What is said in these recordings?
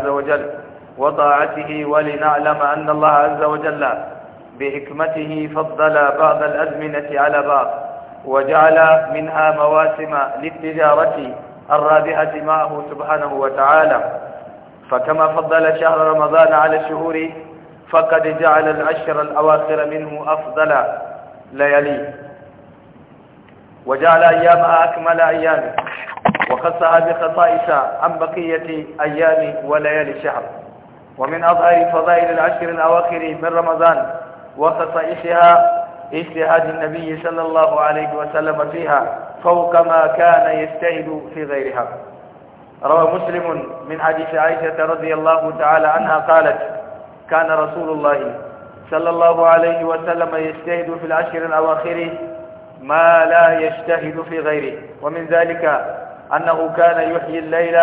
عز وجل وطاعته ولنعلم أن الله عز وجل بحكمته فضل بعض الأزمنة على بعض وجعل منها مواسم للتجارة الرابحة معه سبحانه وتعالى فكما فضل شهر رمضان على الشهور فقد جعل العشر الأواخر منه أفضل لياليه وجعل أيامها أكمل أيامه وخصها بخصائصها عن بقية أيام وليالي الشهر ومن أظهر فضائل العشر الأواخر من رمضان وخصائصها اجتهاد النبي صلى الله عليه وسلم فيها فوق ما كان يجتهد في غيرها روى مسلم من حديث عائشة رضي الله تعالى عنها قالت كان رسول الله صلى الله عليه وسلم يجتهد في العشر الأواخر ما لا يجتهد في غيره ومن ذلك أنه كان يحيي الليل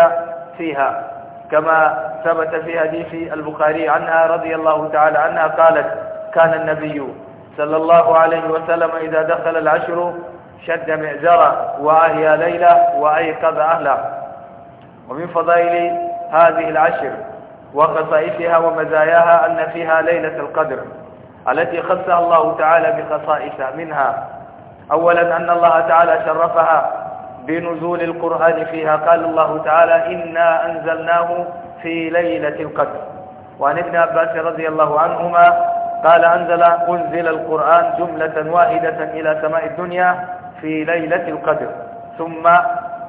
فيها كما ثبت في حديث البخاري عنها رضي الله تعالى عنها قالت كان النبي صلى الله عليه وسلم إذا دخل العشر شد معزرة وأهيا ليلة وأيقظ أهله ومن فضائل هذه العشر وخصائصها ومزاياها أن فيها ليلة القدر التي خصها الله تعالى بخصائصها منها أولا أن الله تعالى شرفها بنزول القرآن فيها قال الله تعالى إنا أنزلناه في ليلة القدر وعن ابن عباس رضي الله عنهما قال أنزل أنزل القرآن جملة واحدة إلى سماء الدنيا في ليلة القدر ثم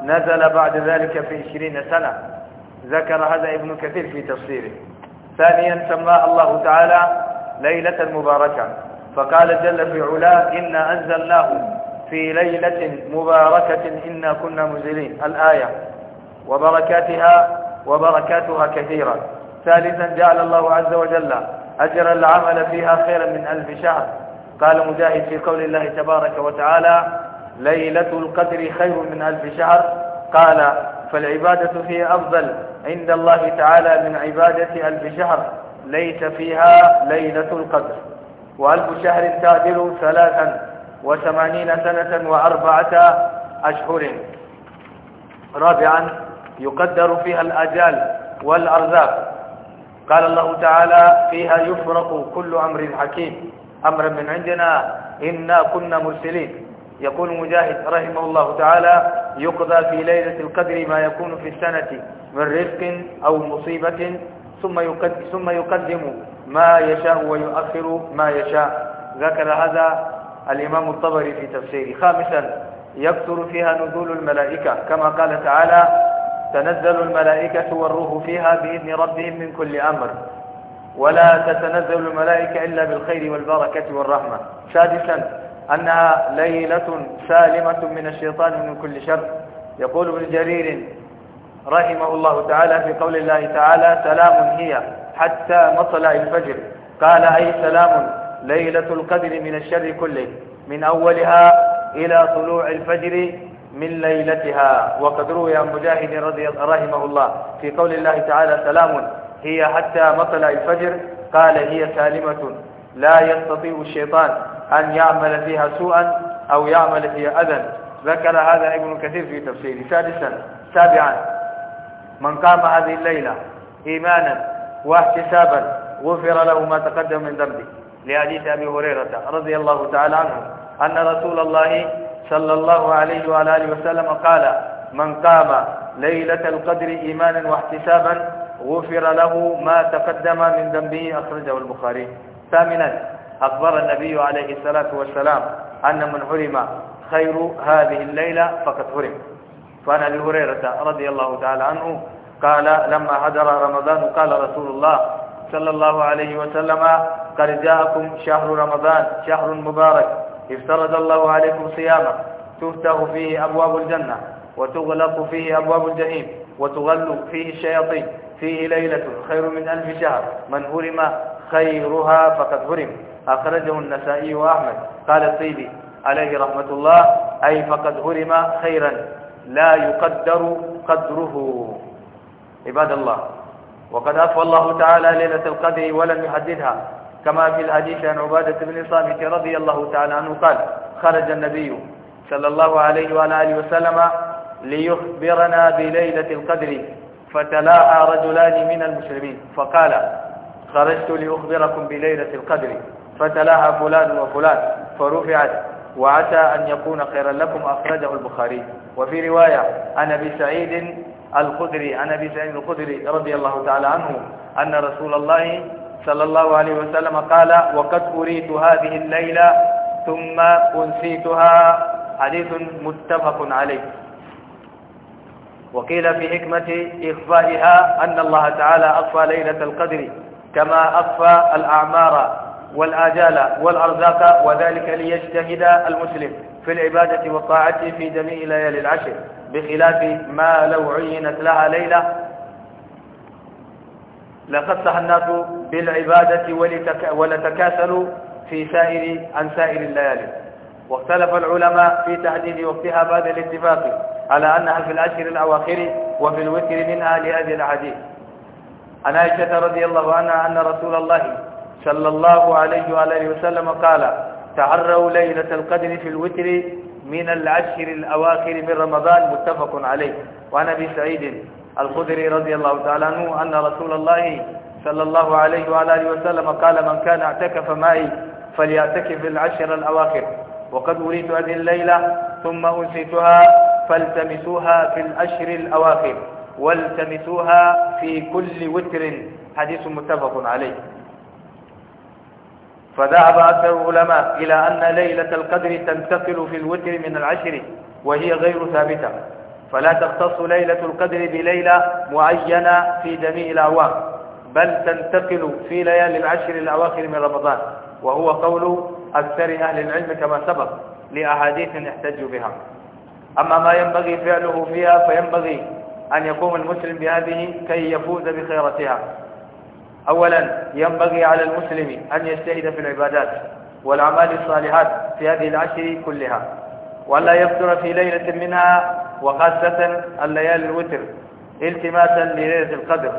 نزل بعد ذلك في عشرين سنة ذكر هذا ابن كثير في تفسيره ثانيا سمى الله تعالى ليلة مباركة فقال جل في علاه إنا أنزلناه في ليلة مباركة إنا كنا مزلين الآية وبركاتها وبركاتها كثيرة ثالثا جعل الله عز وجل أجر العمل فيها خيرا من ألف شهر قال مجاهد في قول الله تبارك وتعالى ليلة القدر خير من ألف شهر قال فالعبادة فيها أفضل عند الله تعالى من عبادة ألف شهر ليس فيها ليلة القدر وألف شهر تعدل ثلاثا وثمانين سنة وأربعة أشهر رابعا يقدر فيها الأجال والأرزاق قال الله تعالى فيها يفرق كل أمر حكيم أمرا من عندنا إنا كنا مرسلين يقول مجاهد رحمه الله تعالى يقضى في ليلة القدر ما يكون في السنة من رزق أو مصيبة ثم يقدم, ثم يقدم ما يشاء ويؤخر ما يشاء ذكر هذا الإمام الطبري في تفسيره خامسا يكثر فيها نزول الملائكة كما قال تعالى تنزل الملائكة والروح فيها بإذن ربهم من كل أمر ولا تتنزل الملائكة إلا بالخير والبركة والرحمة سادسا أنها ليلة سالمة من الشيطان من كل شر يقول ابن جرير رحمه الله تعالى في قول الله تعالى سلام هي حتى مطلع الفجر قال أي سلام ليلة القدر من الشر كله من أولها إلى طلوع الفجر من ليلتها وقد روي عن مجاهد رضي رحمه الله في قول الله تعالى سلام هي حتى مطلع الفجر قال هي سالمة لا يستطيع الشيطان أن يعمل فيها سوءا أو يعمل فيها أذى ذكر هذا ابن كثير في تفسيره سادسا سابعا من قام هذه الليلة إيمانا واحتسابا غفر له ما تقدم من ذنبه لحديث أبي هريرة رضي الله تعالى عنه أن رسول الله صلى الله عليه وعلى آله وسلم قال من قام ليلة القدر إيمانا واحتسابا غفر له ما تقدم من ذنبه أخرجه البخاري ثامنا أخبر النبي عليه الصلاة والسلام أن من حرم خير هذه الليلة فقد حرم فأنا أبي هريرة رضي الله تعالى عنه قال لما حضر رمضان قال رسول الله صلى الله عليه وسلم قد جاءكم شهر رمضان شهر مبارك افترض الله عليكم صيامه تفتح فيه أبواب الجنة وتغلق فيه أبواب الجحيم وتغل فيه الشياطين فيه ليلة خير من ألف شهر من هرم خيرها فقد هرم أخرجه النسائي وأحمد قال الطيبي عليه رحمة الله أي فقد هرم خيرا لا يقدر قدره عباد الله وقد أفى الله تعالى ليلة القدر ولم يحددها كما في الحديث عن عبادة بن صامت رضي الله تعالى عنه قال خرج النبي صلى الله عليه وعلى آله وسلم ليخبرنا بليلة القدر فتلاعى رجلان من المسلمين فقال خرجت لأخبركم بليلة القدر فتلاعى فلان وفلان فرفعت وعسى أن يكون خيرا لكم أخرجه البخاري وفي رواية عن أبي سعيد الخدري عن أبي سعيد الخدري رضي الله تعالى عنه أن رسول الله صلى الله عليه وسلم قال وقد أريت هذه الليلة ثم أنسيتها حديث متفق عليه وقيل في حكمة إخفائها أن الله تعالى أخفى ليلة القدر كما أخفى الأعمار والآجال والأرزاق وذلك ليجتهد المسلم في العبادة والطاعة في جميع ليالي العشر بخلاف ما لو عينت لها ليلة لقد الناس بالعبادة ولتكاسلوا في سائر عن سائر الليالي واختلف العلماء في تحديد وقتها بعد الاتفاق على أنها في الأشهر الأواخر وفي الوتر منها لهذه الأحاديث عن عائشة رضي الله عنها أن رسول الله صلى الله عليه وآله وسلم قال تعروا ليلة القدر في الوتر من العشر الأواخر من رمضان متفق عليه وعن أبي سعيد الخدري رضي الله تعالى عنه أن رسول الله صلى الله عليه وعلى اله وسلم قال من كان اعتكف معي فليعتكف العشر الأواخر وقد أريد هذه الليلة ثم أنسيتها فالتمسوها في العشر الأواخر والتمسوها في كل وتر حديث متفق عليه فذهب أكثر العلماء إلى أن ليلة القدر تنتقل في الوتر من العشر وهي غير ثابتة فلا تختص ليلة القدر بليلة معينة في جميع الأعوام بل تنتقل في ليالي العشر الأواخر من رمضان وهو قول أكثر أهل العلم كما سبق لأحاديث يحتج بها أما ما ينبغي فعله فيها فينبغي أن يقوم المسلم بهذه كي يفوز بخيرتها أولا ينبغي على المسلم أن يجتهد في العبادات والأعمال الصالحات في هذه العشر كلها ولا يفطر في ليلة منها وخاصة الليالي الوتر التماسا لليلة القدر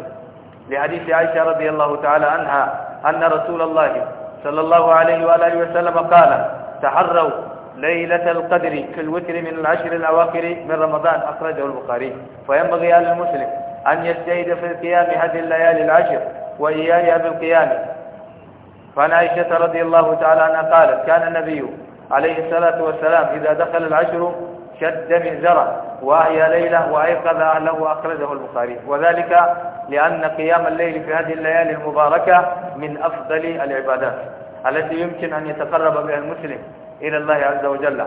لحديث عائشة رضي الله تعالى عنها أن رسول الله صلى الله عليه وآله وسلم قال تحروا ليلة القدر في الوتر من العشر الأواخر من رمضان أخرجه البخاري فينبغي على المسلم أن يجتهد في قيام هذه الليالي العشر وإياها بالقيام فعن عائشة رضي الله تعالى عنها قالت كان النبي عليه الصلاة والسلام إذا دخل العشر شد من زرع وأحيا ليلة وأيقظ أهله وأخرجه البخاري وذلك لأن قيام الليل في هذه الليالي المباركة من أفضل العبادات التي يمكن أن يتقرب بها المسلم إلى الله عز وجل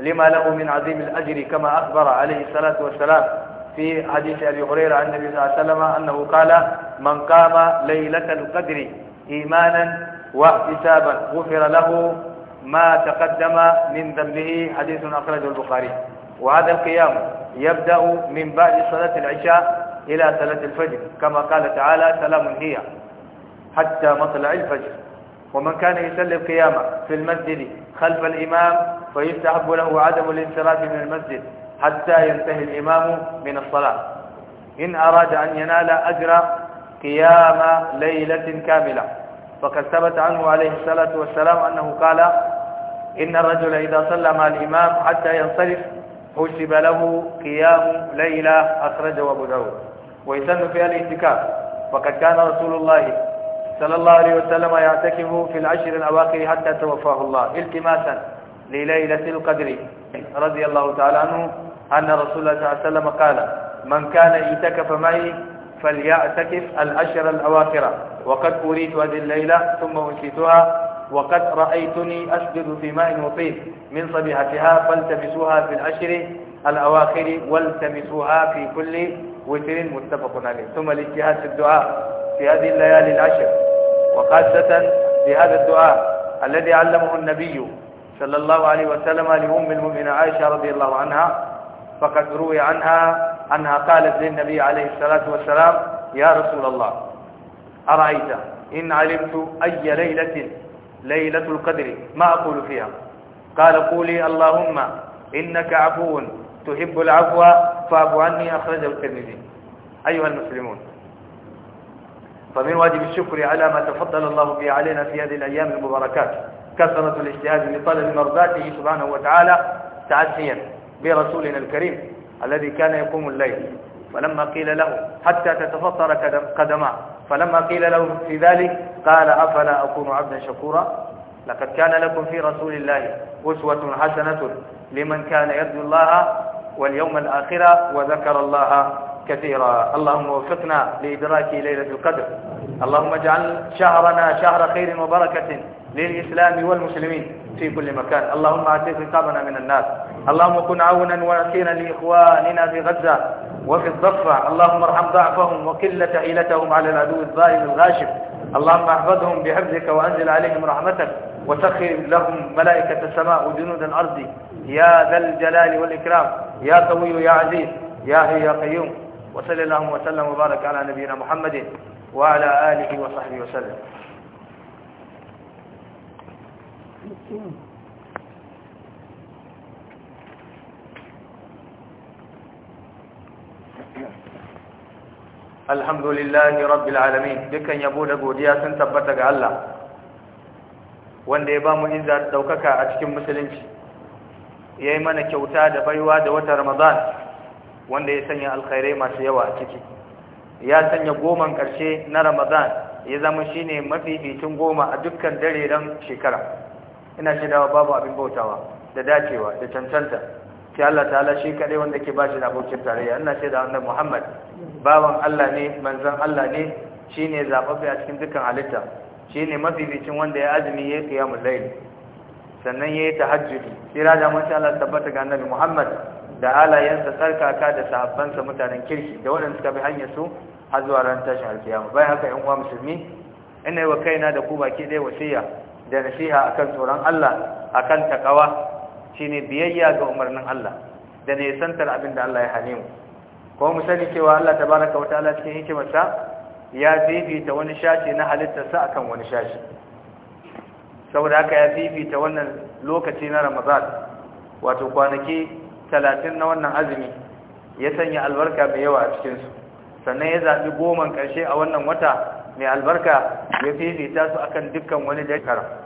لما له من عظيم الأجر كما أخبر عليه الصلاة والسلام في حديث أبي هريرة عن النبي صلى الله عليه وسلم أنه قال من قام ليلة القدر إيمانا واحتسابا غفر له ما تقدم من ذنبه حديث أخرجه البخاري وهذا القيام يبدأ من بعد صلاة العشاء إلى صلاة الفجر كما قال تعالى سلام هي حتى مطلع الفجر ومن كان يصلي القيامة في المسجد خلف الإمام فيستحب له عدم الانصراف من المسجد حتى ينتهي الإمام من الصلاة إن أراد أن ينال أجر قيام ليلة كاملة فقد ثبت عنه عليه الصلاة والسلام أنه قال إن الرجل إذا صلى مع الإمام حتى ينصرف حسب له قيام ليلة أخرجه أبو داود ويسن فيها الاعتكاف فقد كان رسول الله صلى الله عليه وسلم يعتكف في العشر الأواخر حتى توفاه الله التماسا لليلة القدر رضي الله تعالى عنه أن رسول الله صلى الله عليه وسلم قال من كان اعتكف معي فليعتكف الأشر الأواخر وقد أريد هذه الليلة ثم أنشيتها وقد رأيتني أسجد في ماء وطين من صبيحتها فالتمسوها في الأشر الأواخر والتمسوها في كل وتر متفق عليه ثم الاجتهاد في الدعاء في هذه الليالي العشر وخاصة بهذا الدعاء الذي علمه النبي صلى الله عليه وسلم لأم المؤمنة عائشة رضي الله عنها فقد روي عنها أنها قالت للنبي عليه الصلاة والسلام يا رسول الله أرأيت إن علمت أي ليلة ليلة القدر ما أقول فيها قال قولي اللهم إنك عفو تحب العفو فاعف عني أخرج الترمذي أيها المسلمون فمن واجب الشكر على ما تفضل الله به علينا في هذه الأيام المباركات كثرة الاجتهاد لطلب مرضاته سبحانه وتعالى تعسيا برسولنا الكريم الذي كان يقوم الليل فلما قيل له حتى تتفطر قدماه فلما قيل له في ذلك قال أفلا أكون عبدا شكورا لقد كان لكم في رسول الله أسوة حسنة لمن كان يرجو الله واليوم الآخرة وذكر الله كثيرا اللهم وفقنا لإدراك ليلة القدر اللهم اجعل شهرنا شهر خير وبركة للإسلام والمسلمين في كل مكان اللهم أعطي خطابنا من الناس اللهم كن عونا واسينا لإخواننا في غزة وفي الضفة اللهم ارحم ضعفهم وقلة عيلتهم على العدو الظالم الغاشم اللهم احفظهم بحفظك وأنزل عليهم رحمتك وسخر لهم ملائكة السماء وجنود الأرض يا ذا الجلال والإكرام يا قوي يا عزيز يا هي يا قيوم وصلى الله وسلم وبارك على نبينا محمد وعلى آله وصحبه وسلم Thank you. alhamdulillahi rabbil alamin dukkan yabo da godiya sun tabbata ga Allah wanda ya bamu inza da daukaka a cikin musulunci yayi mana kyauta da baiwa da wata ramadan wanda ya sanya alkhairai masu yawa a ciki ya sanya goman karshe na ramadan ya zama shine mafi fitin goma a dukkan dare dan shekara ina shaidawa babu abin bautawa da dacewa da cancanta sai Allah ta'ala shi kaɗai wanda ke ba shi da abokin tarayya ina ce da wanda Muhammad bawan Allah ne manzan Allah ne shine zababbe a cikin dukkan halitta shi shine mafificin wanda ya azumi ya qiyamul layl sannan ya yi ta tahajjudi kira da masha Allah tabbata ga annabi Muhammad da halayensa sarkaka da sahabbansa mutanen kirki da waɗanda suka bi hanyar su har zuwa ran tashin alkiyama bayan haka yan uwa musulmi ina yi wa kaina da ku baki ɗaya wasiya da nasiha akan tsoron Allah akan takawa Shi ne biyayya ga umarnin Allah da ne santar abin da Allah ya hane mu ko mu sani cewa Allah ta tabaraka ta'ala cikin hikimarsa ya fifita wani shashi na halittarsa akan wani shashi saboda haka ya fifita wannan lokaci na Ramadan wato kwanaki talatin na wannan azumi ya sanya albarka mai yawa a cikinsu, sannan ya zaɓi goman ƙarshe a wannan wata mai albarka ya fifita su akan dukkan wani dakara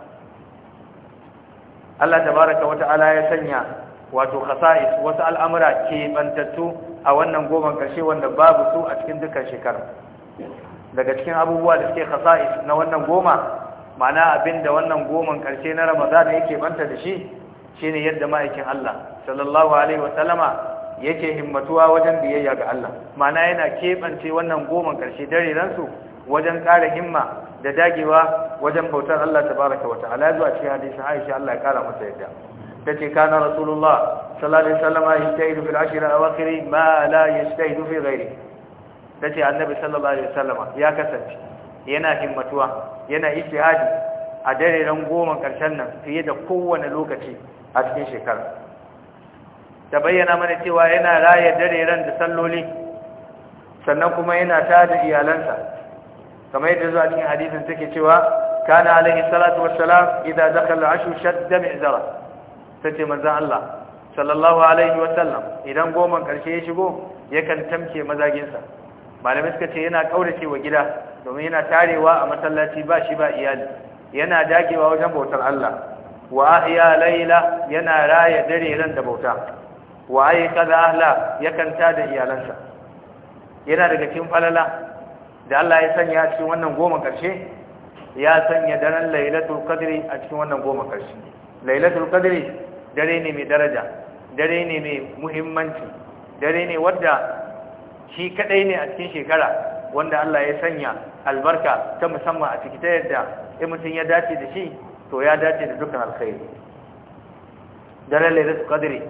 Allah tabaraka wa ala ya sanya wato khasa'is wasu al'amura ke bantattu a wannan goban karshe wanda babu su a cikin dukkan shekara daga cikin abubuwa da suke khasa'is na wannan goma ma'ana abinda wannan goman karshe na Ramadan yake banta da shi shine yadda ma'aikin Allah sallallahu alaihi wa sallama yake himmatuwa wajen biyayya ga Allah ma'ana yana kebance wannan goman karshe dare ransu wajen ƙara himma da dagewa wajen bautar Allah tabaraka wa ta'ala zuwa cikin hadisi Aisha Allah ya kara mata yadda tace kana rasulullah sallallahu alaihi wasallam yajtahidu fil ashr al-awakhir ma la yajtahidu fi ghairi tace annabi sallallahu alaihi wasallam ya kasance yana himmatuwa yana ijtihadi a dare goma karshen nan fiye da kowane lokaci a cikin shekara ta bayyana mana cewa yana raye dare da salloli sannan kuma yana tada iyalansa kamar yadda zuwa cikin hadisin take cewa kana alaihi salatu wassalam idan dakhala ashu shadda mi'zara ce manzo Allah sallallahu alaihi wasallam idan goman karshe ya shigo yakan tamke mazaginsa malamai suka ce yana kaurace wa gida domin yana tarewa a masallaci ba shi ba iyali yana dagewa wajen bautar Allah wa ahya layla yana raya dare ran da bauta wa ay kaza ahla yakan tada iyalansa yana daga cikin falala da Allah ya sanya a cikin wannan goma ƙarshe ya sanya daren lailatul qadri a cikin wannan goma ƙarshe lailatul qadri dare ne mai daraja dare ne mai muhimmanci dare ne wadda shi kadai ne a cikin shekara wanda Allah ya sanya albarka ta musamman a ciki ta yadda in mutum ya dace da shi to ya dace da dukkan alkhairi daren lailatul qadri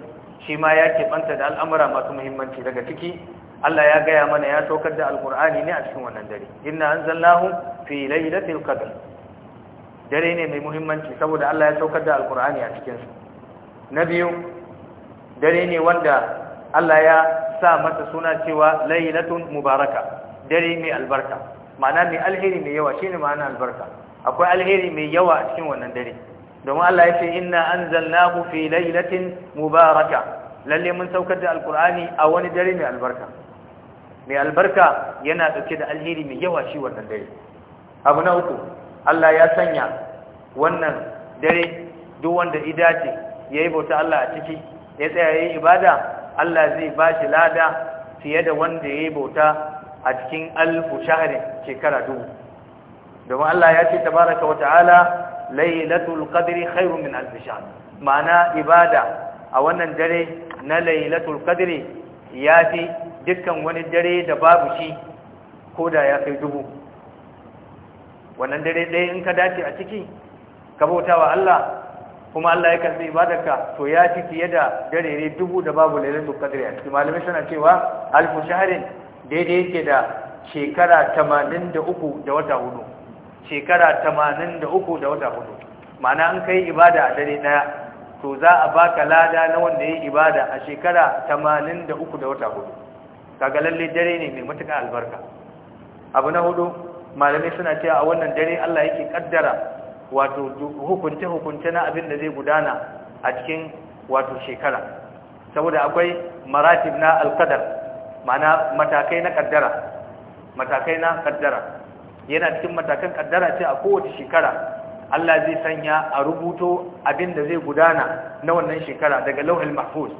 shi ma ya keɓanta da al'amura masu muhimmanci daga ciki Allah ya gaya mana ya saukar da al alkur'ani ne a cikin wannan dare inna anzalnahu fi lailatul qadr dare ne mai muhimmanci saboda Allah ya saukar da al alkur'ani a cikin sa na biyu dare ne wanda Allah ya sa masa suna cewa laylatun mubaraka dare mai albarka ma'ana mai alheri mai yawa shine ma'ana albarka akwai alheri mai yawa a cikin wannan dare domin Allah ya ce inna anzalnahu fi laylatin mubaraka lalle mun saukar da al alkur'ani a wani dare mai albarka mai albarka yana dauke da alheri mai yawa shi wannan dare abu na uku Allah ya sanya wannan dare duk wanda idace yayi bauta Allah a ciki ya tsaya yayi ibada Allah zai ba shi lada fiye da wanda ya yayi bauta a cikin alfu shekara dubu domin Allah ya ce tabaraka wa ta'ala lailatul qadri khairun min alf shahr ma'ana ibada a wannan dare na lailatul qadri yafi dukkan wani dare da babu shi ko da ya kai dubu wannan dare ɗaya in ka dace a ciki ka bauta wa Allah kuma Allah ya karbi ibadarka to ya ci fiye da dare dubu da babu lailatul qadri a ciki. malamai suna cewa alfu shahrin daidai yake da shekara 83 da wata hudu shekara 83 da wata hudu ma'ana an kai ibada a dare ɗaya, to za a baka lada na wanda ya yi ibada a shekara 83 da wata hudu kaga lalle dare ne mai matuƙar albarka abu na hudu malamai suna cewa a wannan dare Allah yake kaddara wato hukunce hukunce na abin da zai gudana a cikin wato shekara saboda akwai maratib na alqadar ma'ana matakai na kaddara matakai na kaddara yana cikin matakan kaddara ce a kowace shekara Allah zai sanya a rubuto abin da zai gudana na wannan shekara daga lauhul mahfuz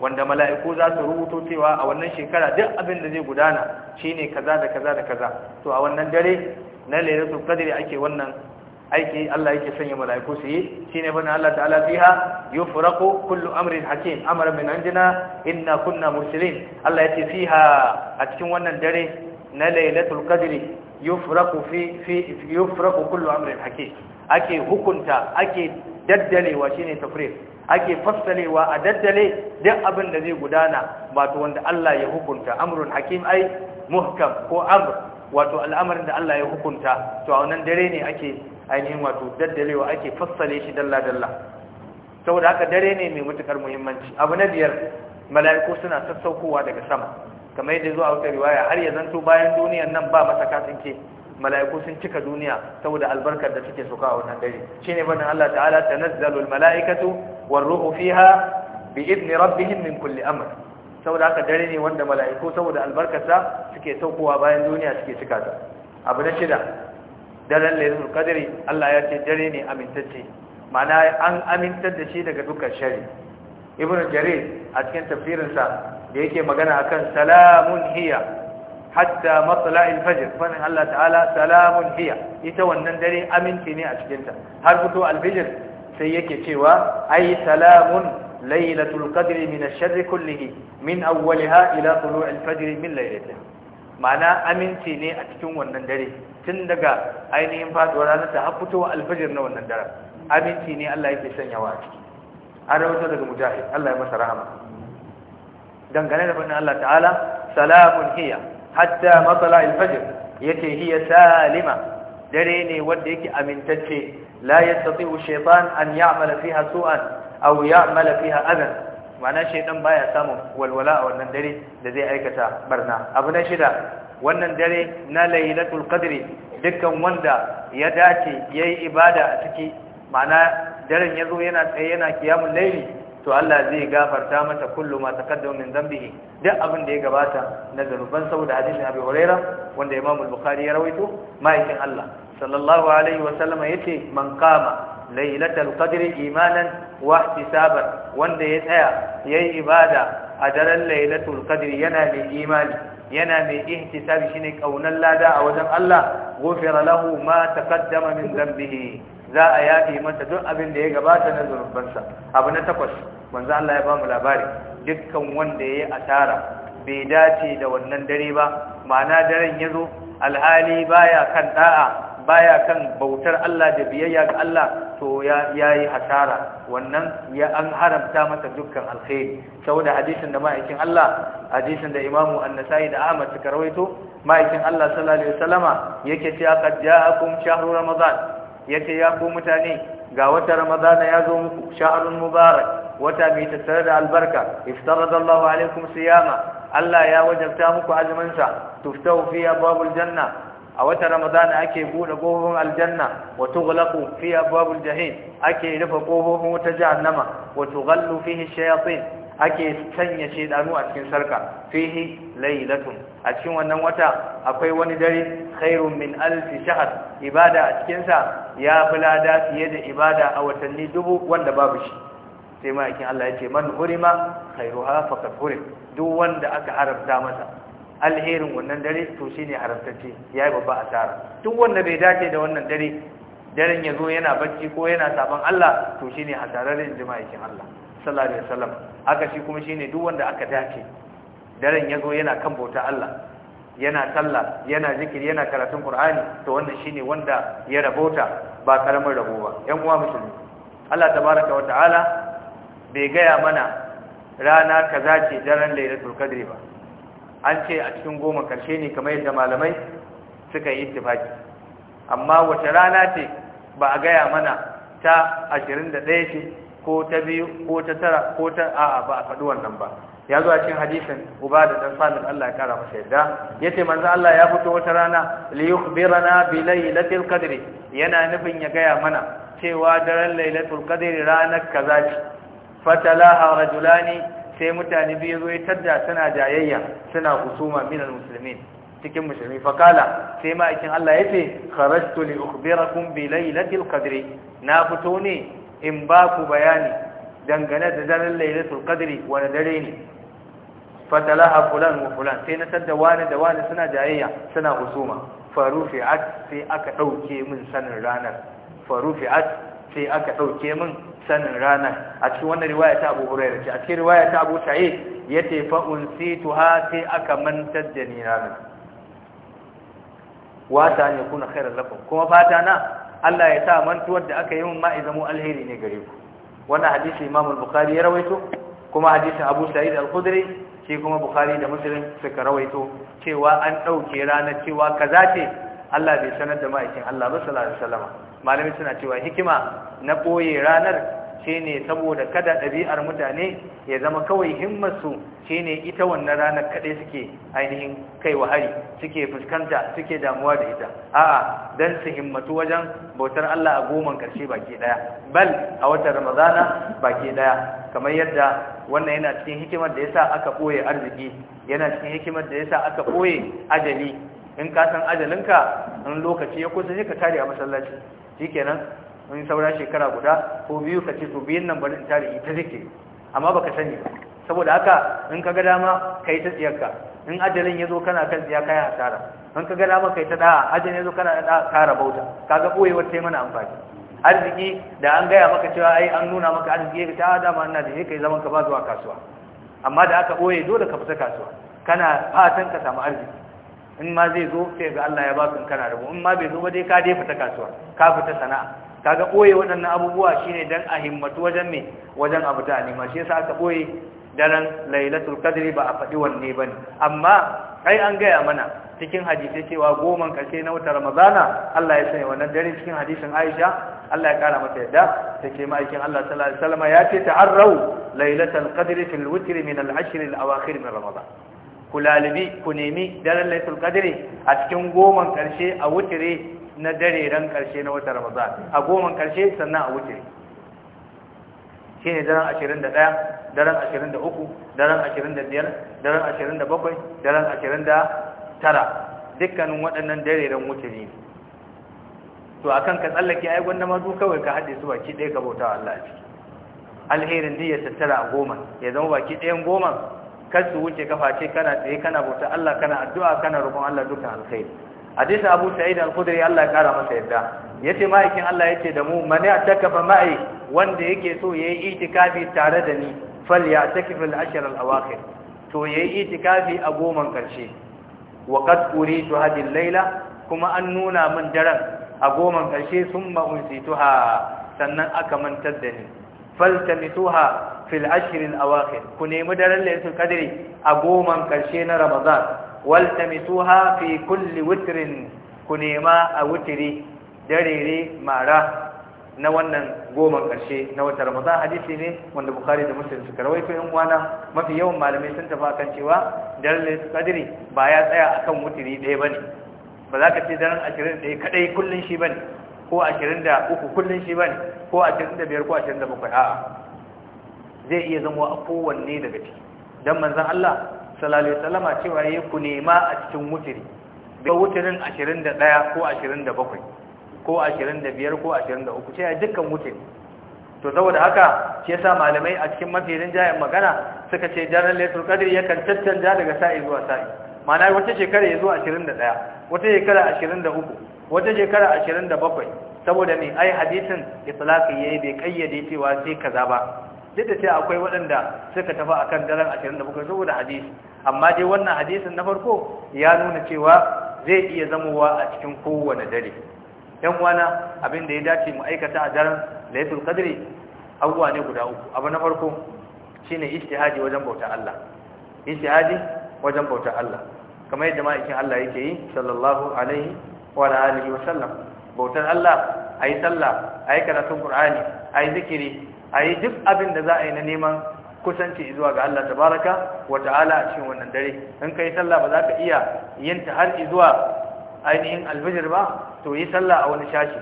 wanda mala'iku za su rubuto cewa a wannan shekara duk abin da zai gudana shine kaza da kaza da kaza to a wannan dare na lailatul qadri ake wannan aiki Allah yake sanya mala'iku su yi shine bana Allah ta'ala fiha yufraqu kullu amrin hakim amara min indina inna kunna mursalin Allah yace fiha a cikin wannan dare na lailatul qadri yufraqu fi fi yufraqu kullu amrin hakim ake hukunta ake daddalewa shine tafriq ake fassalewa a daddale duk abin da zai gudana wato wanda Allah ya hukunta amrun hakim ai muhkam ko amr wato al'amarin da Allah ya hukunta to a wannan dare ne ake ainihin wato daddalewa ake fassale shi dalla dalla saboda haka dare ne mai mutukar muhimmanci abu na biyar mala'iku suna sassaukowa daga sama kamar yadda zuwa wata riwaya har ya zanto bayan duniyan nan ba masa kasance mala'iku sun cika duniya saboda albarkar da suke soka a wannan dare shine bannin Allah ta'ala tanazzalul mala'ikatu war fiha bi rabbihim min kulli amr saboda haka dare ne wanda mala'iku saboda albarkarsa suke saukowa bayan duniya suke cika ta abu na shida daren lailatul qadri Allah ya ce dare ne amintacce ma'ana an amintar da shi daga dukkan shari ibnu jarir a cikin tafsirinsa da yake magana akan salamun hiya hatta matla'il fajr fadin Allah ta'ala salamun hiya ita wannan dare aminci ne a cikin ta har fito alfijir sai yake cewa ai salamun lailatul qadri min ash-sharri kullihi min awwaliha ila tulu'il fajr min laylatiha ma'ana aminci ne a cikin wannan dare tun daga ainihin faduwar ranar ta har fito alfijir na wannan dare aminci ne Allah yake sanyawa a ciki an rawaito daga mujahid Allah ya masa rahama dangane da fadin Allah ta'ala salamun hiya hatta matsala alfajir yace hiya salima dare ne wanda yake amintacce la yastati'u shaytan an ya'mala fiha su'an aw ya'mala fiha adan ma'ana shaytan baya samun walwala a wannan dare da zai aikata barna abu na shida wannan dare na lailatul qadri dukkan wanda ya dace yayi ibada a ciki ma'ana daren yazo yana tsaye yana kiyamul layli to Allah zai gafarta mata kullu ma taqaddama min dhanbihi duk abin da ya gabata na zanuban saboda hadisin Abi Huraira wanda Imam al-Bukhari ya rawaito ma'aikin Allah sallallahu alaihi wa sallam yace man qama lailatul qadri imanan wa ihtisaban wanda ya tsaya yayi ibada a daren lailatul qadri yana mai imani yana mai ihtisabi shine kaunan lada a wajen Allah gofira lahu ma taqaddama min dhanbihi za a yafe masa duk abin da ya gabata na zurbansa abu na takwas manzo Allah ya ba mu labari dukkan wanda yayi asara bai dace da wannan dare ba ma'ana daren yazo alhali baya kan da'a baya kan bautar Allah da biyayya ga Allah to ya yayi hasara wannan ya an haramta masa dukkan alkhairi saboda hadisin da ma'aikin Allah hadisin da Imamu An-Nasa'i da Ahmad suka rawaito ma'aikin Allah sallallahu alaihi wasallama yake cewa qad ja'akum shahru ramadan ce ya ko mutane ga wata ramadana ya zo muku sha'arun mubarak wata mai tattare da albarka iftaradallahu alaikum siyama Allah ya wajabta muku azuminsa sa tuftahu fi abwabul janna a wata ramadana ake bude kofofin aljanna wa tughlaqu fi abwabil jahim ake rufe kofofin wata jahannama wa tughallu fihi shayatin ake sanya shedanu a cikin sarka fihi laylatun a cikin wannan wata akwai wani dare khairun min alf shahr ibada a cikin sa ya bulada fiye da ibada a watanni dubu wanda babu shi sai ma yakin Allah yace man hurima khairuha faqad hurim duk wanda aka haramta masa alherin wannan dare to shine haramtacce yayi babba asara duk wanda bai dace da wannan dare daren yazo yana bacci ko yana saban Allah to shine hasararren jima'ikin Allah sallallahu alaihi wasallam haka shi kuma shine duk wanda aka dace daren yazo yana kan bauta Allah yana sallah yana zikiri yana karatun Qur'ani to wannan shine wanda ya rabota ba karamin rabo ba ƴan uwa musulmi Allah tabaaraka wa ta'ala bai gaya mana rana kaza ce daren Lailatul Qadr ba an ce a cikin goma karshe ne kamar yadda malamai suka yi ittifaki amma wata rana ce ba a gaya mana ta 21 ce ko ta biyu ko ta tara ko ta a'a ba a faɗi wannan ba ya zo a cikin hadisin uba da dan salin Allah ya kara masa yadda yace manzo Allah ya fito wata rana li yukhbirana bi lailatul qadri yana nufin ya gaya mana cewa daren lailatul qadri ranar kaza ce fatalaha rajulani sai mutane biyu zo tadda suna jayayya suna husuma minal muslimin cikin musulmi fakala sai ma'aikin Allah yace kharajtu li ukhbirakum bi lailatul qadri na fito ne in ba ku bayani dangane da daren lailatul qadri wani dare ne fatalaha fulan wa fulan sai na tadda wani da wani suna jayayya suna husuma farufi'at sai aka dauke min sanin ranar farufi'at sai aka dauke min sanin ranar a cikin wannan riwaya ta Abu Hurairah ce a cikin riwaya ta Abu Sa'id yace fa ha sai aka mantar da ni ranar wata ne kuna khairan lakum kuma fata na Allah ya sa mantuwar da aka yi mun ma zamo alheri ne gare ku wannan hadisi Imam al-Bukhari ya rawaito kuma hadisin Abu Sa'id al-Khudri shi kuma Bukhari da Muslim suka rawaito cewa an dauke ranar cewa kaza ce Allah bai sanar da ma'aikin Allah ba sallallahu alaihi wasallam malami suna cewa hikima na boye ranar shine saboda kada ɗabi'ar mutane ya zama kawai himmarsu shine ita wannan ranar kaɗai suke ainihin kai hari suke fuskanta suke damuwa da ita a'a dan su himmatu wajen bautar Allah a goman ƙarshe baki ɗaya bal a watan Ramadana baki ɗaya kamar yadda wannan yana cikin hikimar da yasa aka ɓoye arziki yana cikin hikimar da yasa aka ɓoye ajali in ka san ajalinka in lokaci ya kusa sai ka tare a masallaci shikenan mun saura shekara guda ko biyu ka ce to biyan nan bari in tare ita zake amma baka sani saboda haka in ka ga dama kai ta tsiyarka in ajalin yazo kana kan tsiya kai hasara in ka ga dama kai ta da'a ajalin yazo kana da kara bauta kaga boyewar yi mana amfani arziki da an gaya maka cewa ai an nuna maka arziki ta ah, dama ina da kai zaman ka ba zuwa kasuwa amma da aka boye dole ka fita kasuwa kana fatan ka samu arziki in ma zai zo sai ga Allah ya baka kana rabo in ma bai zo ba dai ka dai fita kasuwa ka fita sana'a kaga boye waɗannan abubuwa shine dan a himmatu wajen mai wajen abu ta nima shi yasa aka boye daren lailatul qadri ba a faɗi wanne ne amma kai an gaya mana cikin hadisai cewa goman karshe na wata ramadana Allah ya sanya wannan dare cikin hadisin Aisha Allah ya kara mata yadda take ma'aikin Allah sallallahu alaihi wasallam ya ce ta'arrau lailatul qadri fil witr min al ashr al awakhir min ramadan kulalibi ku nemi daren lailatul qadri a cikin goman karshe a wutiri. na dare ran karshe na wata ramadan a goma karshe sannan a wuce shi ne daren 21 daren 23 daren 25 daren 27 daren 29 dukkanin waɗannan dare ran wuce ne to a kan ka tsallake ai gwanda ma kawai ka haɗe su baki ɗaya ka bauta Allah ciki alherin ya tattara a goma ya zama baki ɗayan goma kar su wuce kafa ce kana tsaye kana bauta Allah kana addu'a kana roƙon Allah dukkan alkhairi hadisin Abu Sa'id al-Khudri Allah ya kara masa yadda yace ma'aikin Allah yace da mu man ya'takafa ma'i wanda yake so yayi itikafi tare da ni falya'takif al-ashr al-awakhir to yayi itikafi a goman karshe wa qad uritu hadhihi al-laila kuma an nuna min daren a goman karshe summa unsituha sannan aka mantar da ni faltamituha fil ashr al-awakhir ku nemi daren laylatul qadri a goman karshe na ramadan waltamisuha fi kulli witrin ku nema a witiri darere mara na wannan goma karshe na wata ramadan hadisi ne wanda bukari da muslim suka rawaito yan uwana mafi yawan malamai sun tafi akan cewa daren kadiri ba ya tsaya akan witiri ɗaya bane ba za ka ce daren ɗaya kadai kullun shi bane ko ashirin da uku kullun shi bane ko ashirin da biyar ko ashirin da bakwai a'a zai iya zama a kowanne daga ciki dan manzon Allah sallallahu alaihi wasallam cewa ya ku nema a cikin wutiri da wutirin 21 ko 27 ko 25 ko 23 cewa dukkan wutiri to saboda haka shi yasa malamai a cikin mafirin jayin magana suka ce daren laitul qadr kan tattanja daga sa'i zuwa sa'i mana wata shekara ya zo 21 wata shekara 23 wata shekara 27 saboda ne ai hadisin itlaqi yayi bai kayyade cewa sai kaza ba duk da cewa akwai waɗanda suka tafi akan daren 27 saboda hadisi amma dai wannan hadisin na farko ya nuna cewa zai iya zamowa a cikin kowane dare yan wana abin da ya dace mu aikata a daren laifin kadiri abubuwa ne guda uku abu na farko shine ishtihadi wajen bautar Allah ishtihadi wajen bautar Allah kamar yadda ma'aikin Allah yake yi sallallahu alaihi wa alihi wa sallam bautar Allah ayi sallah ayi karatun Qur'ani ayi zikiri a yi duk abin da za a yi na neman kusanci zuwa ga Allah tabaraka wa ta'ala a cikin wannan dare in kai sallah ba za ka iya yin ta har zuwa ainihin alfajir ba to yi sallah a wani shashi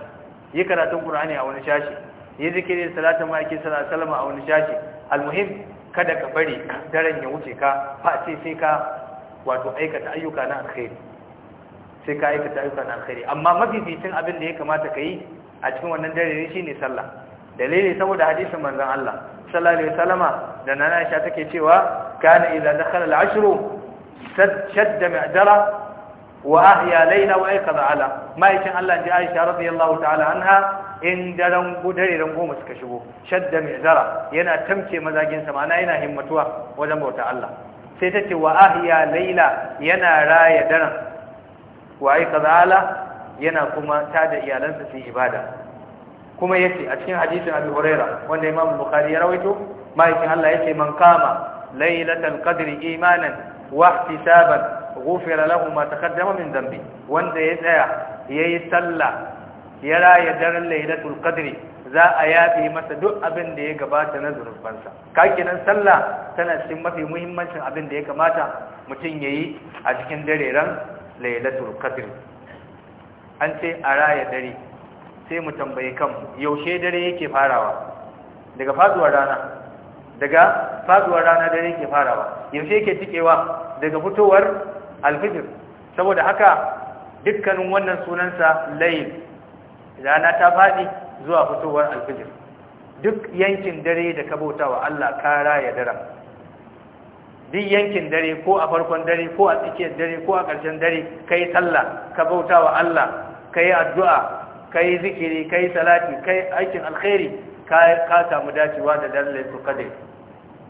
yi karatun qur'ani a wani shashi yi zikirin salatu ma'aikin sallallahu a wani shashi almuhim kada ka bari daren ya wuce ka face sai ka wato aikata ayyuka na alkhairi sai ka aikata ayyuka na alkhairi amma mafi fitin abin da ya kamata ka yi a cikin wannan dare ne shine sallah dalili saboda hadisin manzon Allah sallallahu alaihi wasallama da nana Aisha take cewa kana idza dakhala al-ashru shadda mi'dara wa ahya layla wa ayqadha ala ma'aikin Allah ji Aisha radiyallahu ta'ala anha in daren gudare ran goma suka shigo shadda mi'dara yana tamke mazagin sa ma'ana yana himmatuwa wajen bauta Allah sai tace wa ahya layla yana raya daren wa ayqadha ala yana kuma tada iyalansa su ibada kuma yace a cikin hadisin Abu Huraira wanda Imam Bukhari ya rawaito ma'aikin Allah yace man kama lailatul qadri imanan wa ihtisaban ghufira lahu ma taqaddama min dhanbi wanda ya tsaya yayi salla ya raya daren lailatul qadri za a yafi masa duk abin da ya gabata na zurfansa. kakinan sallah tana cikin mafi muhimmancin abin da ya kamata mutum yayi a cikin dare ran lailatul qadri an ce a raya dare sai mu tambaye kan yaushe dare yake farawa daga faduwar rana daga faduwar rana dare yake farawa yaushe yake tikewa daga fitowar alfijir saboda haka dukkanin wannan sunansa layl rana ta fadi zuwa fitowar alfijir duk yankin dare da ka bautawa Allah ka raya dara duk yankin dare ko a farkon dare ko a tsakiyar dare ko a ƙarshen dare kai sallah ka bautawa Allah kai addu'a kai zikiri kai salati kai aikin alkhairi ka samu dacewa da dalilin su kadai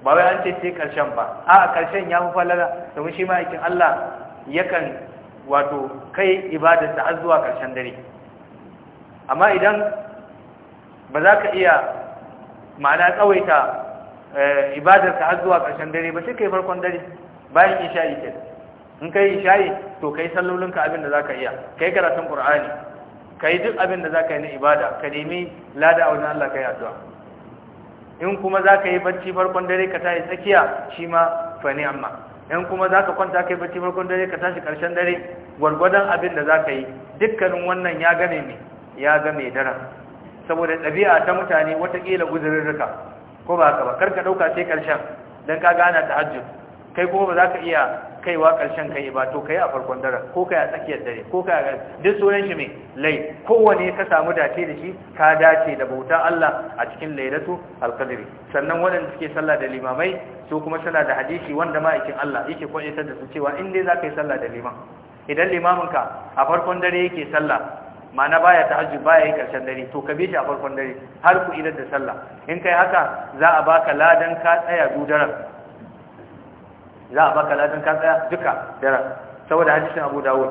ba wai an ce sai karshen ba a karshen ya fi falala domin shi ma aikin Allah yakan wato kai ibadar da zuwa karshen dare amma idan ba za ka iya ma'ana tsawaita eh, ibada ta har zuwa ƙarshen dare ba sai kai farkon dare bayan isha'i ke in kai isha'i to kai sallolinka abin da ka iya kai karatun qur'ani ka yi duk abin da za ka yi na ibada ka nemi lada a Allah ka yi addu'a in kuma za ka yi bacci farkon dare ka tashi tsakiya shi ma fani amma in kuma za ka kwanta ka yi bacci farkon dare ka tashi ƙarshen dare gwargwadon abin da za ka yi dukkanin wannan ya game ne ya game dara saboda ɗabi'a ta mutane watakila guzurirrika ko ba haka ba karka ɗauka sai ƙarshen don ka gana ta hajji kai kuma ba za ka iya kaiwa ƙarshen kai ba to kai a farkon dare ko kai a tsakiyar dare ko kai a duk sunan shi mai lai kowane ka samu dace da shi ka dace da bauta Allah a cikin lailatu alqadri sannan waɗanda suke sallah da limamai su kuma suna da hadisi wanda ma'aikin Allah yake kwaitar da su cewa in dai za ka yi sallah da liman idan limaminka a farkon dare yake sallah mana baya ta hajji baya yi karshen dare to ka bi shi a farkon dare har ku idar da sallah in kai haka za a baka ladan ka tsaya dudaran za a baka ladan ka tsaya duka dara saboda hadisin Abu Dawud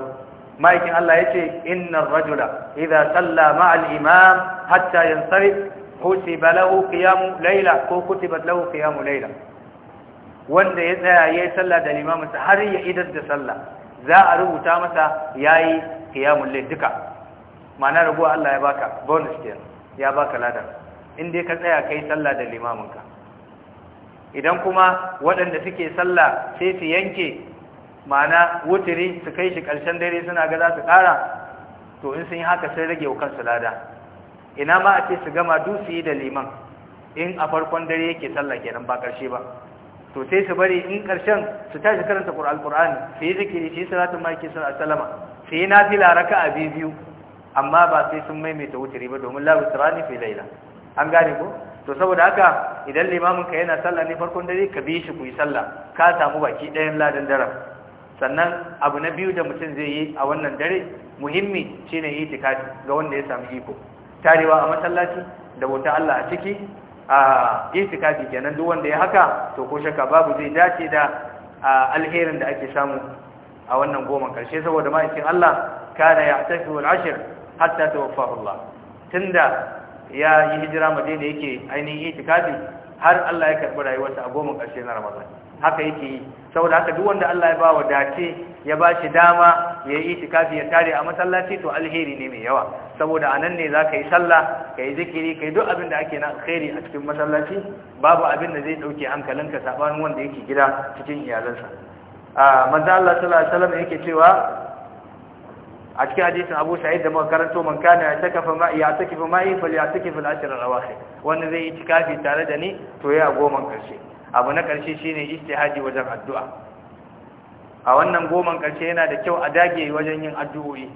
ma'aikin Allah ya yace innar rajula idza salla ma'al imam hatta yansarif kutiba lahu qiyamu layla ko kuti lahu qiyamu Laila wanda ya tsaya ya yi sallah da limamin har ya idar da sallah za a rubuta masa ya yi qiyamul layl duka ma'ana rago Allah ya baka bonus ke ya baka ladar in dai ka tsaya ka yi sallah da limamin idan kuma waɗanda suke sallah sai su yanke ma'ana wutiri su kai shi ƙarshen dare suna ga za su ƙara to in sun yi haka sai rage wa kansu lada ina ma a ce su gama yi da liman in a farkon dare yake sallah kenan ba ƙarshe ba to sai su bari in ƙarshen su tashi karanta Alƙur'ani, su yi zikiri su yi salatu maki sallama su yi nafila a biyu biyu amma ba sai sun maimaita wutiri ba domin labu witrani fi laila an gane ko to saboda haka idan limamin ka yana sallah ne farkon dare ka bi shi ku yi sallah ka samu baki ɗayan ladan dare sannan abu na biyu da mutum zai yi a wannan dare muhimmi shi ne yi tikati ga wanda ya samu iko tarewa a masallaci da bauta Allah a ciki a itikafi kenan duk wanda ya haka to ko shaka babu zai dace da alherin da ake samu a wannan goman karshe saboda ma'aikin Allah kana tafi wal ashir hatta tawaffahu Allah tunda ya yi hijira madina yake ainihin itikafi har Allah ya karbi rayuwarsa a goma ƙarshe na Ramadan haka yake yi saboda haka duk wanda Allah ya ba wa dace ya ba shi dama ya yi itikafi ya tare a masallaci to alheri ne mai yawa saboda a nan ne za ka yi sallah ka yi zikiri ka yi duk abin da ake na alheri a cikin masallaci babu abin da zai ɗauke hankalinka saɓanin wanda yake gida cikin iyalansa manzo Allah sallallahu alaihi wasallam yake cewa a cikin hadisin Abu Sa'id da muka karanto man kana ya fa ma ya takifa fa ma'i fa ya takifa al-ashr al-awakhir zai yi tikafi tare da ni to ya goman karshe abu na karshe shine ijtihadi wajen addu'a a wannan goman karshe yana da kyau a dage wajen yin addu'o'i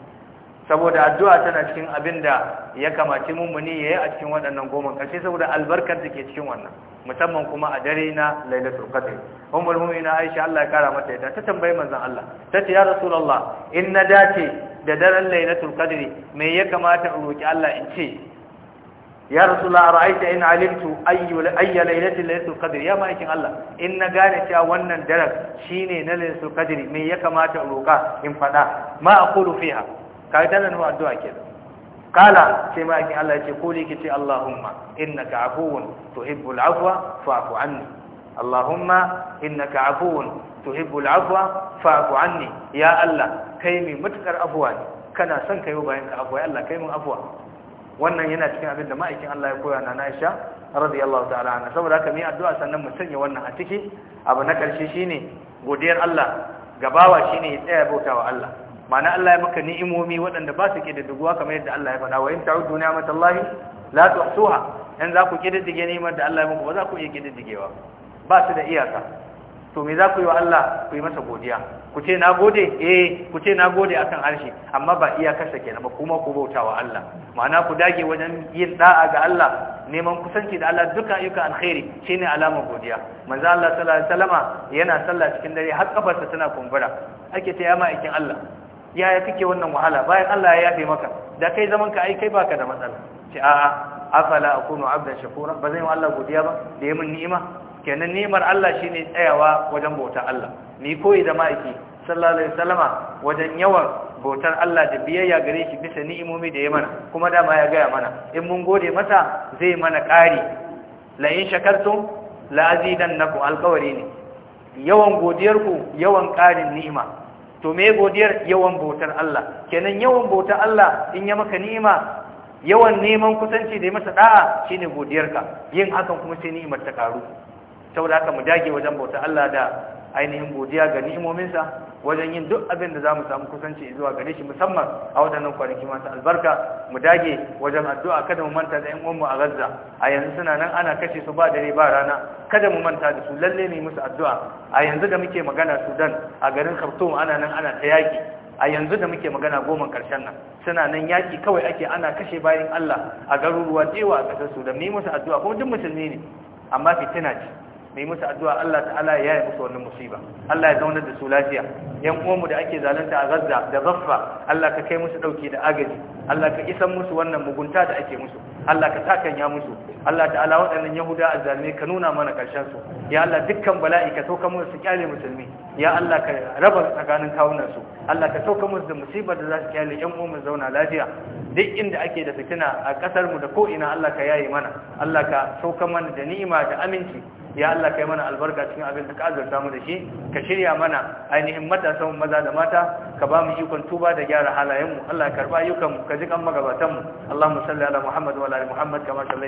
saboda addu'a tana cikin abinda ya kamaci mummuni ya yi a cikin waɗannan goma ƙarshe saboda albarkar da ke cikin wannan musamman kuma a dare na lailatul qadr ummul mu'minin aisha Allah ya kara mata yadda ta tambayi manzon Allah tace ya rasulullah in na dace da daren lailatul qadri me ya kamata in roki Allah in ce ya rasulullah ara'aita in alimtu ayyu ayya lailatul lailatul qadri ya ma'aikin Allah in na gane cewa wannan daren ne na lailatul qadri me ya kamata in roka in fada ma a aqulu fiha kai daren wa addu'a kenan kala sai ma'aikin Allah ya ce ko kuli kici Allahumma innaka afuwun tuhibbul afwa fa'fu anni Allahumma innaka afuwun tuhibbul afwa fa'fu anni ya Allah kai mai mutukar afwa ne kana son kai bayan ka afwa ya Allah kai min afwa wannan yana cikin abin da ma'aikin Allah ya koya na Aisha radiyallahu ta'ala anha saboda haka mu addu'a sannan mu sanya wannan a ciki abu na karshe shine godiyar Allah gabawa shine ya tsaya bautawa Allah ma'ana Allah ya maka ni'imomi waɗanda ba su ke da kididduguwa kamar yadda Allah ya faɗa wa in ta'udu ni'matallahi la tuhsuha in za ku kididdige ni'imar da Allah ya muku ba za ku iya kididdigewa ba su da iyaka to me za ku yi wa Allah ku yi masa godiya ku ce na gode eh ku ce na gode akan arshi amma ba iya kashe kenan ba kuma ku bauta wa Allah ma'ana ku dage wajen yin da'a ga Allah neman kusanci da Allah duka ayyukan alkhairi shine alamar godiya manzo Allah sallallahu alaihi wasallama yana sallah cikin dare har kafarsa tana kumbura ake ta yama aikin Allah yaya kake wannan wahala bayan Allah ya yafe maka da kai zaman ka ai kai baka da matsala ce a'a afala akunu abdan shakura ba yi wa Allah godiya ba da yamin ni'ima kenan nemar Allah shine tsayawa wajen bautar Allah ni koyi da ma'aiki sallallahu alaihi wasallama wajen yawan bautar Allah da biyayya gare shi bisa ni'imomi da ya mana kuma dama ya gaya mana in mun gode masa zai mana ƙari la in shakartum la azidannakum alƙawari ne yawan godiyar ku yawan ƙarin ni'ima to me godiyar yawan bautar Allah kenan yawan bautar Allah in ya maka ni'ima yawan neman kusanci da masa da'a shine godiyarka yin hakan kuma sai ni'imar ta karu saboda haka mu dage wajen bauta Allah da ainihin godiya ga ni'imominsa wajen yin duk abin da zamu samu kusanci zuwa gare shi musamman a wadannan kwanaki masu albarka mu dage wajen addu'a kada mu manta da ƴan uwanmu a Gaza a yanzu suna nan ana kashe su ba dare ba rana kada mu manta da su lalle ne musu addu'a a yanzu da muke magana Sudan a garin Khartoum ana nan ana ta yaki a yanzu da muke magana goma karshen nan suna nan yaki kawai ake ana kashe bayan Allah a garuruwa cewa a ƙasar Sudan ni musu addu'a kuma duk musulmi ne amma fitina ce mai musu addu'a Allah ta'ala ya yi musu wannan musiba Allah ya zaunar da su lafiya yan uwanmu da ake zalunta a Gaza da Zaffa Allah ka kai musu dauki da agaji Allah ka isan musu wannan mugunta da ake musu Allah ka takanya musu Allah ta'ala waɗannan Yahuda azzalmai ka nuna mana karshen su ya Allah dukkan bala'i ka sauka musu su kyale musulmi ya Allah ka raba tsakanin kawunan su Allah ka sauka musu da musibar da za su kyale yan uwanmu zauna lafiya duk inda ake da fitina a kasar mu da ko ina Allah ka yaye mana Allah ka sauka mana da ni'ima da aminci ya Allah kai mana albarka cikin abin da ka azurta mu da shi ka shirya mana ainihin matasan maza da mata ka ba mu ikon tuba da gyara halayenmu. mu Allah karba ayyukan mu ka ji magabatan mu Allahumma salli ala Muhammad wa ala Muhammad kama